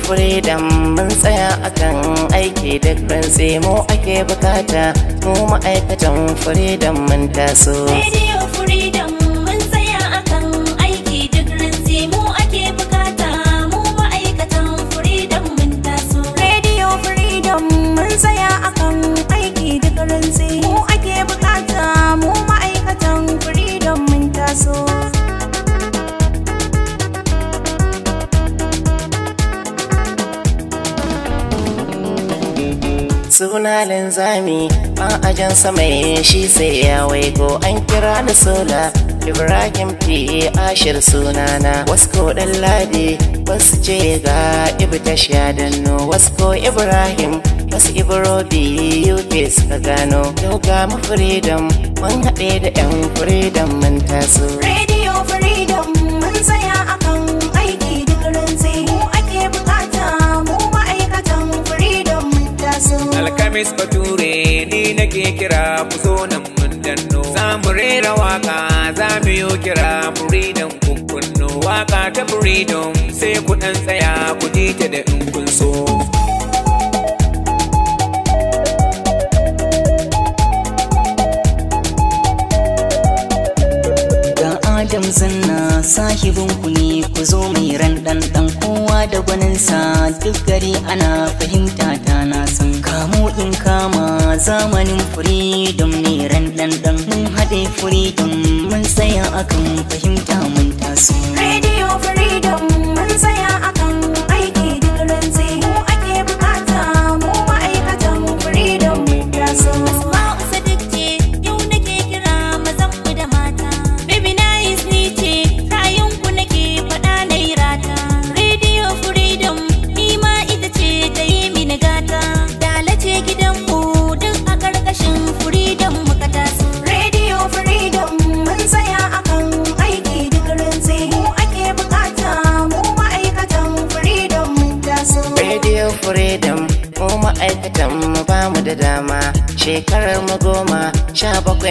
Freedom mun tsaya akan aiki da rantse mu ake bukata mu ma'aikatan Freedom mun taso. radio Freedom suna linzami an ajan sama shi sai ya waigo an kira ni sola ibrahim p ashir sunana wasko dan ladi wasu ce ga ibtash ya danno wasko ibrahim wasu ibro biyu ke suka gano yau ga mu freedom mun haɗe da yan freedom mun taso radio freedom mun tsaya akan alkamis bature ni nake kira ku zo danno za mu rera waka za mu yi kira freedom kun waka ta freedom sai ku dan tsaya ku ji da in kun so Adam zanna sahibin ne ku zo mai ran dan kowa da gwaninsa duk gari ana zamanin freedom ne ran ɗanɗan mun haɗe freedom mun tsaya akan fahimta mun taso.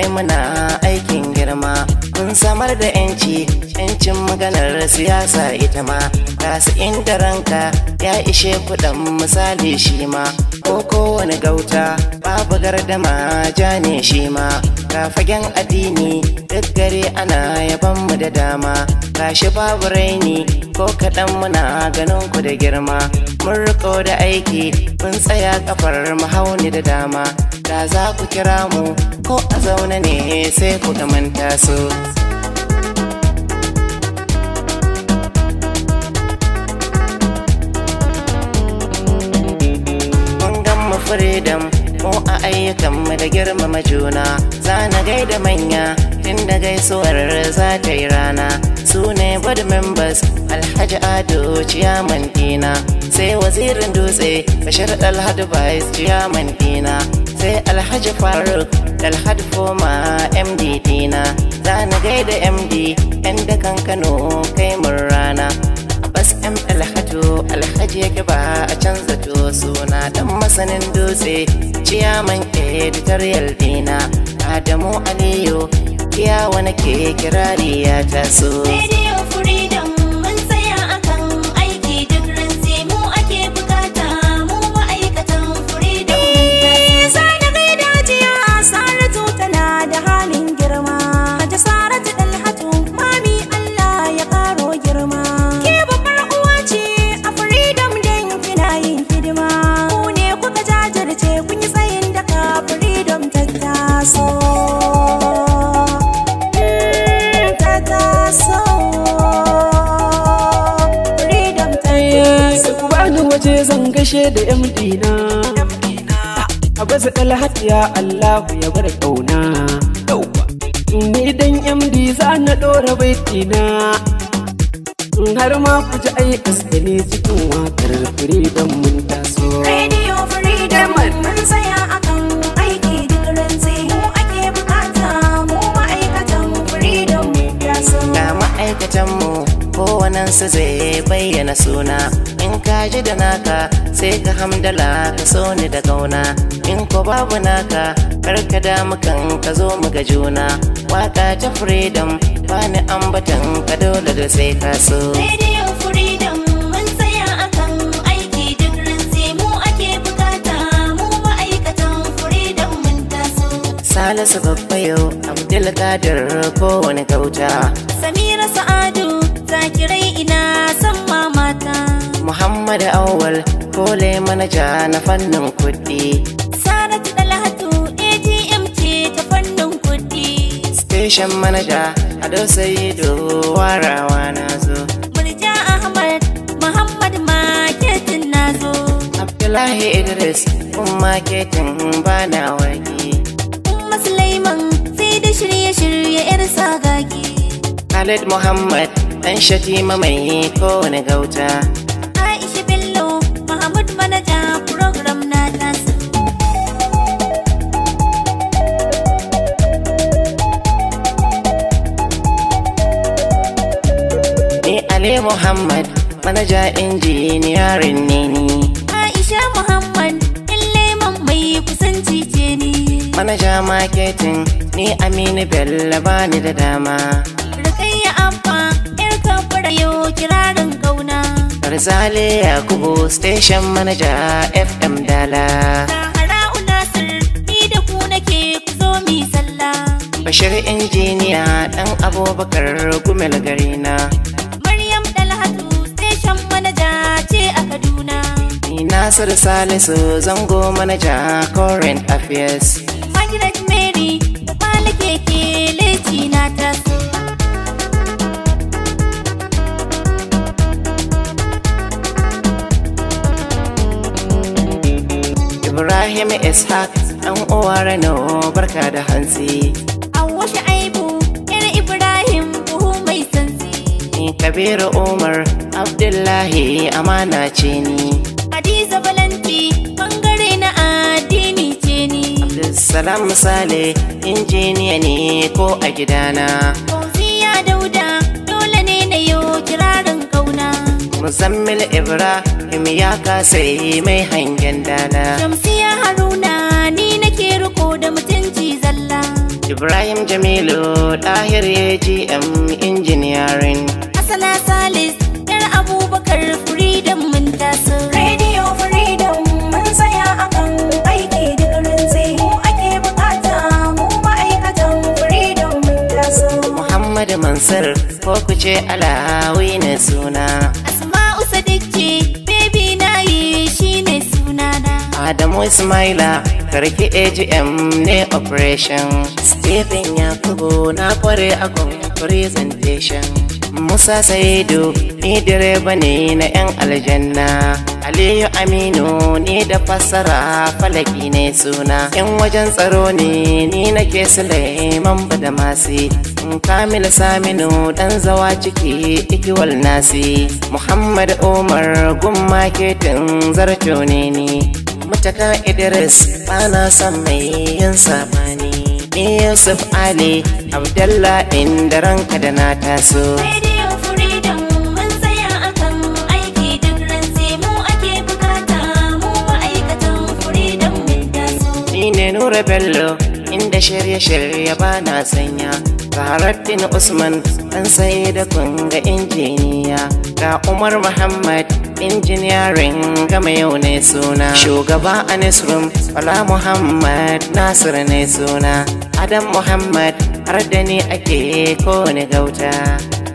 kai muna aikin girma mun samar da yanci yancin maganar siyasa ita ma kasu inda ranka ya ishe kudan misali shi ma ko kowane gauta babu gardama ja ne shi ma Kafagen addini duk gare ana yaban mu da dama gashi babu raini ko kaɗan muna ganin ku da girma mun riko da aiki mun tsaya kafar mu hauni da dama da za ku kira mu ko a zaune ne sai ku manta su freedom mu a ayyukan mu da girmama juna za na gaida manya inda gaisuwar za ta yi rana su ne board members alhaji ado ciyaman dina sai wazirin dutse bashir alhadu vice ciyaman dina sai alhaji faruk dalhad foma md dina zani gaida md yan dakan kano kai mun rana abbas m alhajo alhaji yake ba a canza to suna dan masanin dutse ciyaman editar yaldina adamu aliyu kiyawa nake kirari ya taso gobe zan gashe da MD na Abaza Dalhat ya Allahu ya bar kauna Ni dan MD za na ɗora baitina. har ma ku ji ai ne cikin wakar freedom mun taso radio freedom mun tsaya saya akan aiki duk rantsi mu ake bukata mu ma'aikatan mu, freedom mun taso ga ma'aikatan mu kowannen su zai bayyana suna ji da naka sai ka hamdala ka so ni da kauna in ko babu naka kar ka damu kan ka zo mu ga juna waka ta freedom bani ambatan ka dole da sai ka so Sala freedom mun tsaya akan aiki duk mu ake bukata mu ma'aikatan mun taso Salisu babba yau kowane kauta Samira Sa'adu zakirai ina san mamata Muhammad Awal kole manaja na fannin kuɗi. Sanatu Dalhatu AGM ce ta fannin kuɗi. Station manaja Ado Sayido warawa na zo. Murja Ahmad Muhammad maketin na zo. Abdullahi Idris kun maketin na wagi. Umma Sulaiman sai da shirye-shirye 'yar sagagi. Khalid Muhammad ɗan shatima mai kowane gauta. Muhammad manaja injiniyarin ne ni. Aisha Muhammad in leman mai kusanci ce ni. Manaja marketing ni Aminu Bello bani da dama. Rukayya Abba yar kafura yau kirarin gauna. Barzale Yakubu station manaja FM Dala. Bashir injiniya ɗan abubakar gumel garina. Nasir Salisu zango manaja current affairs. Margaret Mary Malik yake leci na taso. Ibrahim Ishaq ɗan uwa barka da hantsi. Awwa Aibu ɗan Ibrahim buhu mai sansi. Kabiru Umar Abdullahi amana ce ni. Salam misali injiniya ne ko a gidana. Fauziya Dauda dole ne na yo kirarin kauna. Muzammil Ibra ya kasa yi mai hangen dana. Shamsiya Haruna ni nake riko da mutunci zalla. Ibrahim Jamilu ɗahir ya GM Injiniyarin. Asala Salis amsar ko ku ce alawi ne suna asma'u sadiq baby na yi shine suna da. adamu ismaila karki agm ne operation stephen yakubu na kware a presentation musa saidu ni direba ne na yan aljanna aliyu aminu ni da fassara falaki ne suna yan wajen tsaro ne ni nake da badamasi kamila Saminu dan zawa ciki ikiwal nasi Muhammad Umar gumma ketin zarto ne ni Mutaka Idris bana son mai yin samani Ni Yusuf Ali Abdallah inda ranka da na taso Ni ne Nura Bello inda shirye-shirye ba na sanya Barattin Usman an sai da kunga injiniya ga Umar Muhammad injiniyarin gama yau ne suna shugaba a Nisrum Bala Muhammad Nasir ne suna Adam Muhammad har da ni ake kowane gauta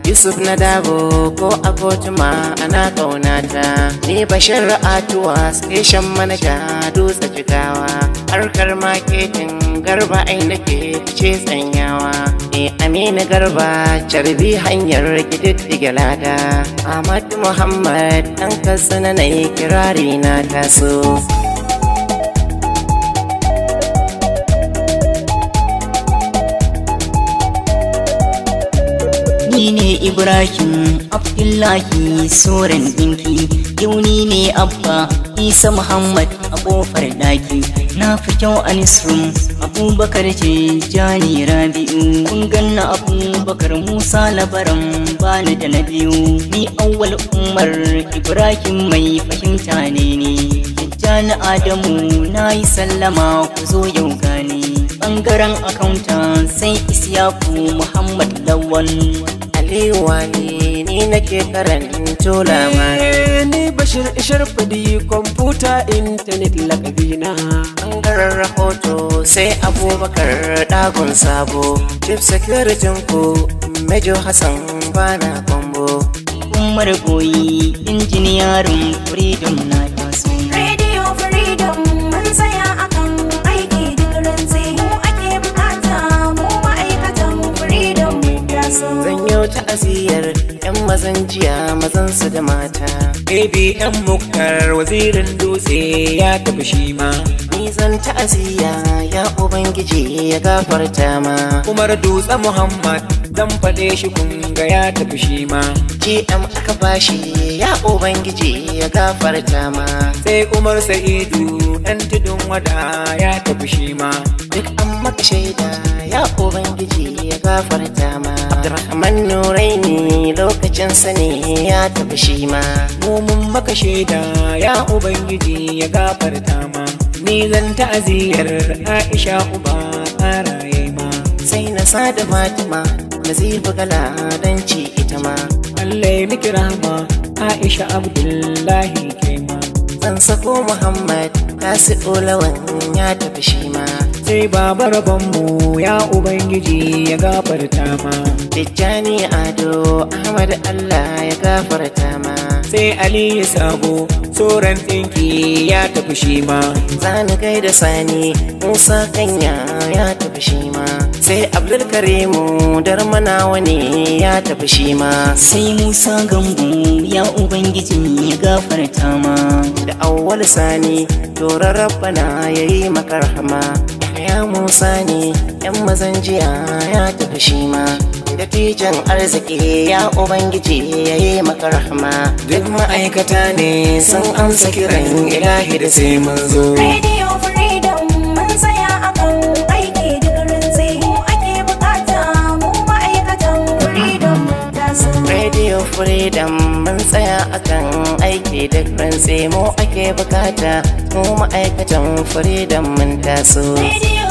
Yusuf na dago ko a kotuma ana kaunata ni bashir atuwa station manaja dutse jigawa harkar maketin garba ai nake fice tsanyawa e eh, amina garba carbi hanyar gidit igalada ahmad muhammad dan kasana na kirari na taso ne ibrahim abdullahi soren dinki yau ni ne abba isa muhammad a kofar daki na fi kyau a nisrun abubakar ce jani rabi'u kun ganna abubakar musa labaran bani da na biyu ni awwal umar ibrahim mai fahimta ne ni jani adamu na yi sallama ku zo yau gani bangaren akaunta sai isyaku muhammad lawan alewa ne ni nake karanto labarai eh, ni bashir ishar fadi kwamfuta intanet lakabina ɓangaren rahoto sai abubakar ɗagun sabo chief security ko mejo hassan bana kwambo umar goyi injiniyar freedom na taso radio freedom zan yau ta'azi mazan jiya mazan su da mata abm muktar wazirin dutse ya tafi shi ma nizan ta'aziyya ya ubangiji ya gafarta ma umar dutse muhammad zan faɗe shi kunga ya tafi shi ma gm aka bashi ya ubangiji ya gafarta ma sai umar sa'idu ɗan tudun wada ya tafi shi ma duk maka shaida ya ubangiji ya gafarta ma abdurrahman nuraini lokacin sani ya tafi shi ma mumun maka shaida ya ubangiji ya gafarta ma ni zan ta'aziyar aisha uba ƙaraye ma sai na sada fatima nazifu gala don ci ita ma allah ya miki rahama aisha abdullahi ke ma zan sako muhammad tasi'u lawan ya tafi shi ma sai babar banmu ya ubangiji ya gafarta ma tijjani ado ahmad allah ya gafarta ma sai aliyu sabo tsoron ɗinki ya tafi shi ma zani kai da sani musa kanya ya tafi shi ma sai abdul karimu darmana wani ya tafi shi ma sai musa gambo ya ubangiji ya gafarta ma da awwal sani doron rabbana ya yi makarhama ya musa ne yan mazan jiya ya tafi shi ma Da dattijan arziki ya ubangiji ya yi maka rahma duk ma'aikata ne sun amsa kiran ilahi da sai mun zo new freedom mun tsaya akan aiki duk rantse mu ake bukata mu ma'aikatan freedom mun taso.